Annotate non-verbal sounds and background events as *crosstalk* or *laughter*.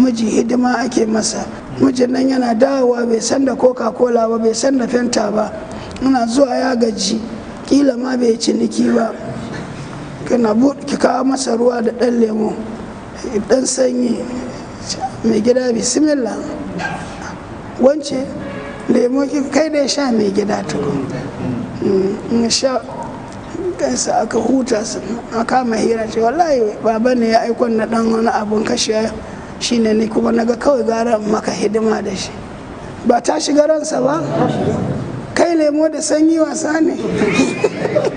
miji hidima ake masa mijin nan yana dawowa bai san da coca cola ba bai san da fenta ba muna zuwa ya gaji kila ma bai ciniki ba kana ki kawo masa ruwa da ɗan lemo dan sanyi mai gida bismillah wance lemo kai da sha mai gida tukun mm, sha kansa aka huta a kama hira ce wallahi baba ne ya aikon na ɗan wani abun kashe shine ni kuma naga kawai gara maka hidima da shi ba ta shiga ransa ba kai lemo da sanyi wasa ne *laughs*